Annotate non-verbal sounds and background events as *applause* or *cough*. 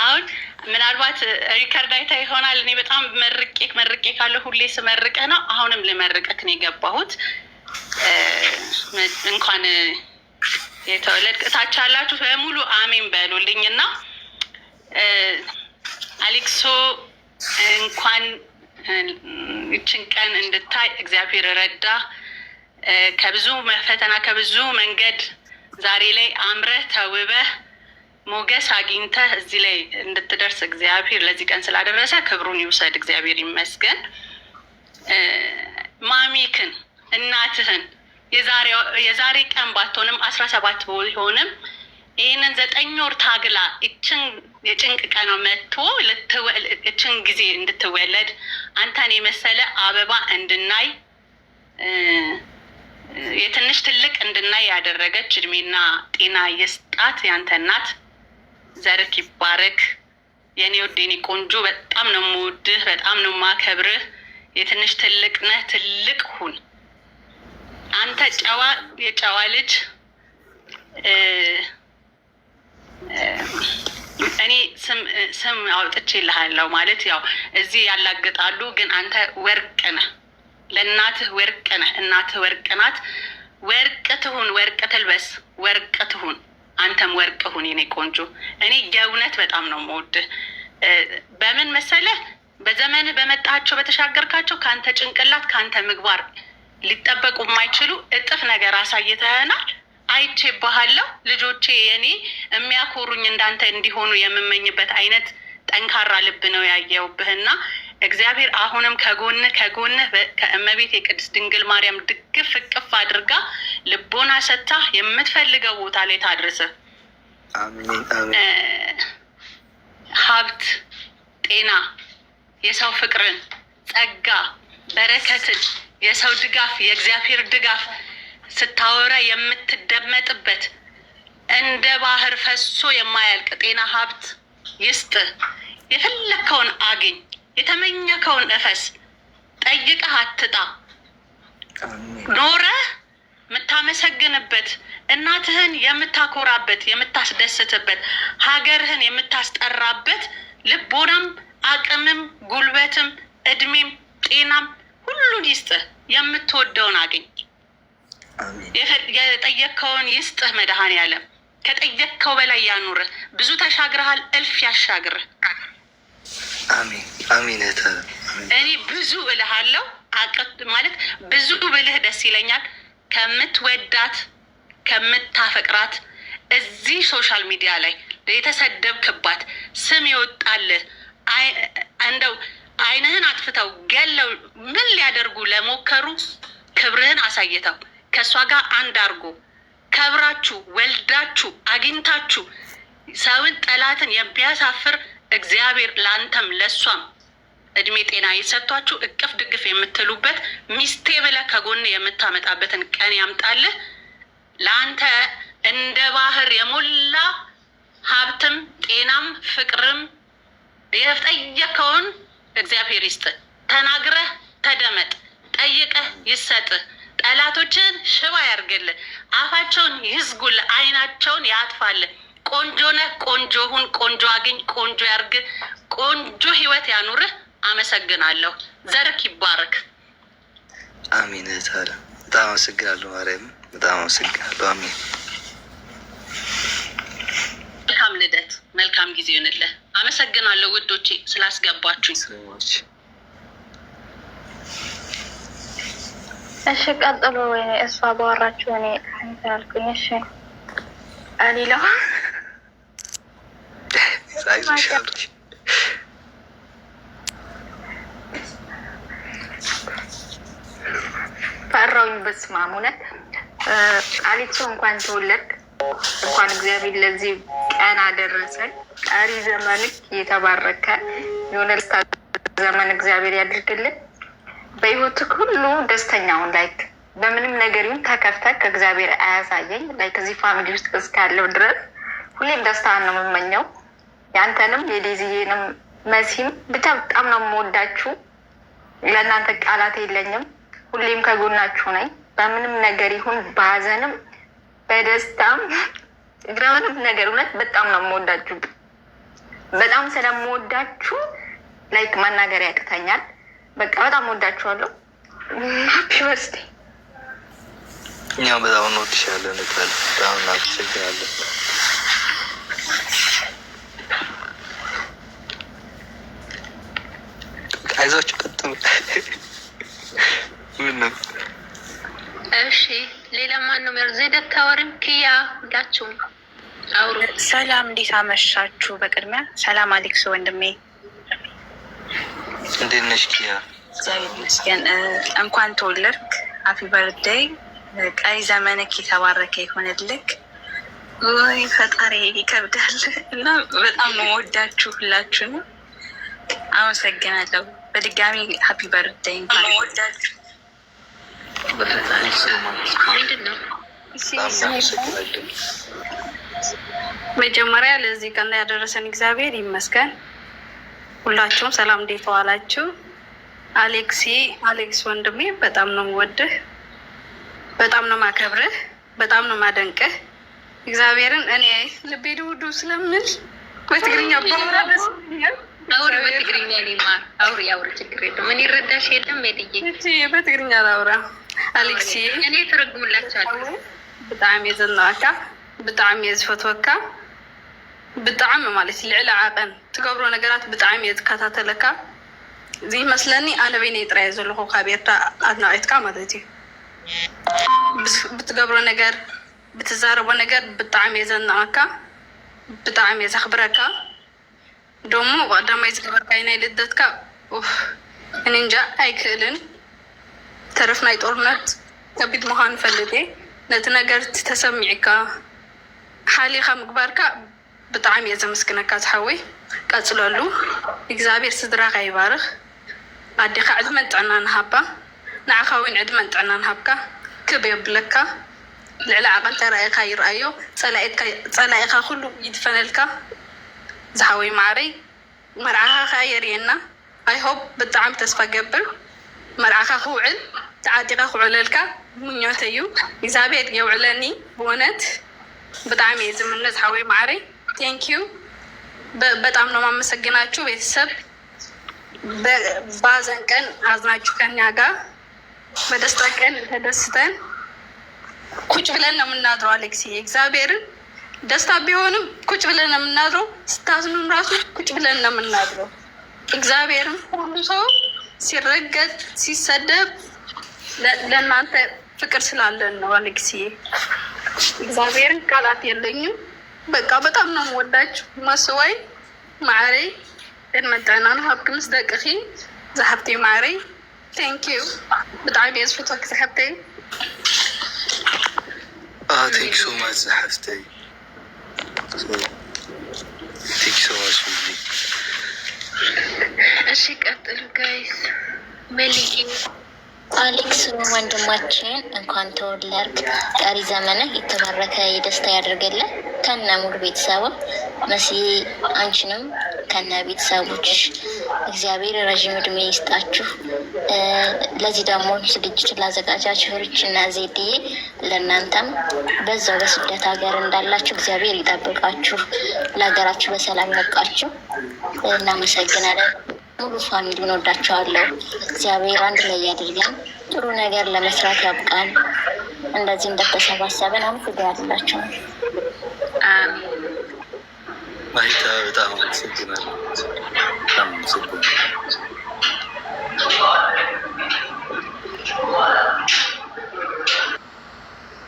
አሁን ምናልባት ሪከርድ አይታ ይሆናል። እኔ በጣም መርቄ መርቄ ካለ ሁሌ ስመርቀ ነው። አሁንም ልመርቀክ ነው የገባሁት። እንኳን የተወለድ እታች አላችሁ በሙሉ አሜን በሉልኝ እና አሊክሶ እንኳን ይችን ቀን እንድታይ እግዚአብሔር ረዳ። ከብዙ ፈተና ከብዙ መንገድ ዛሬ ላይ አምረህ ተውበህ ሞገስ አግኝተህ እዚህ ላይ እንድትደርስ እግዚአብሔር ለዚህ ቀን ስላደረሰ ክብሩን ይውሰድ፣ እግዚአብሔር ይመስገን። ማሚክን እናትህን የዛሬ ቀን ባትሆንም አስራ ሰባት ቢሆንም ይህንን ዘጠኝ ወር ታግላ እችን የጭንቅ ቀን መጥቶ እችን ጊዜ እንድትወለድ አንተን የመሰለ አበባ እንድናይ የትንሽ ትልቅ እንድናይ ያደረገች እድሜና ጤና የስጣት ያንተ እናት ዘርክ ይባረክ። የኔ ውድ የኔ ቆንጆ በጣም ነው የምወድህ፣ በጣም ነው የማከብርህ። የትንሽ ትልቅ ነህ፣ ትልቅ ሁን። አንተ ጨዋ የጨዋ ልጅ እኔ ስም አውጥቼ ልሃለሁ ማለት ያው እዚህ ያላግጣሉ፣ ግን አንተ ወርቅ ነህ፣ ለእናትህ ወርቅ ነህ። እናትህ ወርቅ ናት። ወርቅ ትሁን፣ ወርቅ ትልበስ፣ ወርቅ ትሁን። አንተም ወርቅ ሁን የኔ ቆንጆ። እኔ የእውነት በጣም ነው የምወድህ። በምን መሰለህ በዘመንህ በመጣቸው በተሻገርካቸው ከአንተ ጭንቅላት ከአንተ ምግባር ሊጠበቁ የማይችሉ እጥፍ ነገር አሳይተህናል። አይቼ ባሃለሁ ልጆቼ የኔ የሚያኮሩኝ እንዳንተ እንዲሆኑ የምመኝበት አይነት ጠንካራ ልብ ነው ያየውብህና እግዚአብሔር አሁንም ከጎንህ ከጎንህ ከእመቤት የቅድስት ድንግል ማርያም ድግፍ እቅፍ አድርጋ ልቦና ሰታ የምትፈልገው ቦታ ላይ ታድርስ። ሀብት፣ ጤና፣ የሰው ፍቅርን፣ ጸጋ፣ በረከትን፣ የሰው ድጋፍ፣ የእግዚአብሔር ድጋፍ ስታወራ የምትደመጥበት እንደ ባህር ፈሶ የማያልቅ ጤና ሀብት ይስጥ። የተመኘከውን እፈስ ጠይቀህ አትጣ ኖረህ የምታመሰግንበት እናትህን የምታኮራበት የምታስደስትበት ሀገርህን የምታስጠራበት ልቦናም አቅምም ጉልበትም እድሜም ጤናም ሁሉን ይስጥህ። የምትወደውን አገኝ። የጠየከውን ይስጥህ መድኃኔዓለም። ከጠየከው በላይ ያኑርህ። ብዙ ተሻግረሃል፣ እልፍ ያሻግርህ። አሜን። እኔ ብዙ እልሃለሁ ማለት ብዙ ብልህ ደስ ይለኛል። ከምትወዳት ከምታፈቅራት እዚህ ሶሻል ሚዲያ ላይ የተሰደብክባት ስም ይወጣልህ እንደው ዓይንህን አጥፍተው ገለው ምን ሊያደርጉ ለሞከሩ ክብርህን አሳይተው ከእሷ ጋር አንድ አድርጎ ከብራችሁ ወልዳችሁ አግኝታችሁ ሰውን ጠላትን የሚያሳፍር እግዚአብሔር ለአንተም ለእሷም እድሜ ጤና የሰጥቷችሁ እቅፍ ድግፍ የምትሉበት ሚስቴ ብለህ ከጎን የምታመጣበትን ቀን ያምጣልህ። ለአንተ እንደ ባህር የሞላ ሀብትም ጤናም ፍቅርም የጠየከውን እግዚአብሔር ይስጥ። ተናግረህ ተደመጥ፣ ጠይቀህ ይሰጥ። ጠላቶችን ሽባ ያርግል፣ አፋቸውን ይዝጉል፣ አይናቸውን ያጥፋል። ቆንጆ ነህ፣ ቆንጆ ሁን፣ ቆንጆ አግኝ፣ ቆንጆ ያርግ፣ ቆንጆ ህይወት ያኑርህ። አመሰግናለሁ። ዘርክ ይባርክ። አሚን። ታለ በጣም አመሰግናለሁ። ማርያም በጣም አመሰግናለሁ። አሚን። መልካም ልደት፣ መልካም ጊዜ ይሆንልህ። አመሰግናለሁ ውዶቼ ስላስገባችሁኝ። እሺ ቀጥሎ እሷ ባወራችሁ እኔ እንትን እሺ እኔ ለው *laughs* አሁን በስመ አብ እውነት እንኳን ተወለድ እንኳን እግዚአብሔር ለዚህ ቀን አደረሰን። ቀሪ ዘመንህ እየተባረከ የሆነ ደስታ ዘመን እግዚአብሔር ያድርግልን። በህይወትህ ሁሉ ደስተኛውን ላይክ በምንም ነገር ይሁን ተከፍተ ከእግዚአብሔር አያሳየኝ። ላይ ከዚህ ፋሚሊ ውስጥ እስካለው ድረስ ሁሌም ደስታ ነው የምመኘው። ያንተንም የዴዚዬንም መሲም ብቻ በጣም ነው የምወዳችሁ። ለእናንተ ቃላት የለኝም። ሁሌም ከጎናችሁ ነኝ። በምንም ነገር ይሁን በሀዘንም በደስታም በምንም ነገር እውነት በጣም ነው የምወዳችሁ። በጣም ስለምወዳችሁ ላይክ መናገር ያቅተኛል። በቃ በጣም ወዳችኋለሁ። ሀፒ በርስቴ። እኛ በጣም እንወድሻለን። ቃል በጣም እናመሰግናለን። አይዟችሁ ቀጥሉ። እሺ፣ ሌላ ማን ነው? ዜድ አታወሪም? ክያ፣ ሁላችሁም አውሩ። ሰላም፣ እንዴት አመሻችሁ? በቅድሚያ ሰላም አሌክስ ወንድሜ፣ እንዴት ነሽ? ክያ፣ እግዚአብሔር እንኳን ተወለድክ። ሀፒ በርደይ። ቀሪ ዘመንክ የተባረከ ይሆንልክ። ወይ ፈጣሪ ይከብዳል። እና በጣም ነው የምወዳችሁ ሁላችሁንም። አመሰግናለሁ በድጋሚ ሀፒ በርደይ። እንኳን ወዳችሁ መጀመሪያ ለዚህ ቀን ላይ ያደረሰን እግዚአብሔር ይመስገን። ሁላችሁም ሰላም እንዴት ዋላችሁ? አሌክሲ አሌክስ ወንድሜ በጣም ነው የምወድህ፣ በጣም ነው ማከብርህ፣ በጣም ነው ማደንቅህ። እግዚአብሔርን እኔ ልቤ ድውዱ ስለምል በትግርኛ ባወራ ደስ ይለኛል። አውሪ በትግርኛ ሊማ አውሪ አውሪ፣ ችግር የለም። ምን ይረዳሽ የለም ሄድዬ፣ በትግርኛ ላውራ አሌክሲ እኔ ተረጉምላችኋለሁ። ብጣዕሚ እየ ዘናዋካ ብጣዕሚ እየ ዝፈትወካ ብጣዕሚ ማለት ልዕሊ ዓቐን ትገብሮ ነገራት ብጣዕሚ እየ ዝከታተለካ ዝመስለኒ ኣነ በይነይ ጥራየ ዘለኹ ካብ ኤርትራ ኣድናቂትካ ማለት እዩ ብትገብሮ ነገር ብትዛረቦ ነገር ብጣዕሚ እየ ዘናዋካ ብጣዕሚ እየ ዘኽብረካ ደሞ ቀዳማይ ዝገበርካይ ናይ ልደትካ እኔ እንጃ ኣይክእልን ተረፍ ናይ ጦርነት ከቢድ ምዃኑ ፈልጥ እየ ነቲ ነገር ተሰሚዕካ ሓሊኻ ምግባርካ ብጣዕሚ እየ ዘመስግነካ ዝሓወይ ቀፅለሉ እግዚኣብሔር ስድራካ ይባርኽ ኣዴኻ ዕድመን ጥዕና ንሃባ ንዓኻ እውን ዕድመን ጥዕና ንሃብካ ክብ የብለካ ልዕሊ ዓቐን ተራእካ ይርኣዮ ፀላኢካ ኩሉ ይድፈነልካ ዝሓወይ ማዕረይ መርዓኻ ከ የርየና ኣይሆብ ብጣዕሚ ተስፋ ገብር መርዓኻ ክውዕል ተዓጢቃ ክውዕለልካ ምኞት እዩ ኢዛቤት የውዕለኒ ብእውነት ብጣዕሚ እየ ዝምነት ሓወይ ማዕረይ ቴንኪዩ በጣም ነው ማመሰግናችሁ ቤተሰብ ባዘን ቀን ኣዝናችሁ ከኛ ጋር በደስታ ቀን ተደስተን ኩጭ ብለን ነው የምናድረው። አሌክሲ እግዚአብሔርን ደስታ ቢሆንም ኩጭ ብለን ነው የምናድረው። ስታዝኑም ራሱ ኩጭ ብለን ነው የምናድረው። እግዚአብሔርን ሁሉ ሰው ሲረገጥ ሲሰደብ ለእናንተ ፍቅር ስላለን ነው። አሌክስዬ እግዚአብሔርን ቃላት የለኝም። በቃ በጣም ነው የምወዳችሁ። ማስዋይ ማዕረይ እንመጠናን ሃብቲ ምስ ደቅኺ ዝሓብቲ ማዕረይ ታንክ ዩ ብጣዕሚ እየ ዝፈትወኪ ዝሓብተይ ቴንክ ሶማች ዝሓፍተይ ቴንክ ሶማች እሺ ቀጥል ጋይስ መልይ አሌክስ ወንድማችን እንኳን ተወለድክ። ቀሪ ዘመንህ የተባረከ የደስታ ያደርግልን ከነ ሙሉ ቤተሰቡ። መሲ አንቺንም ከነ ቤተሰቦች እግዚአብሔር ረዥም እድሜ ይስጣችሁ። ለዚህ ደግሞ ዝግጅት ላዘጋጃችሁርች እና ዜድዬ ለእናንተም በዛው በስደት ሀገር እንዳላችሁ እግዚአብሔር ይጠብቃችሁ፣ ለሀገራችሁ በሰላም ያብቃችሁ። እናመሰግናለን። ሙሉ ፋሚሊ ወዳቸዋለሁ። እግዚአብሔር አንድ ላይ ያደርገን፣ ጥሩ ነገር ለመስራት ያብቃን። እንደዚህ እንደተሰባሰበን አምስት ያድላቸው። ማይታ በጣም አመሰግናለሁ።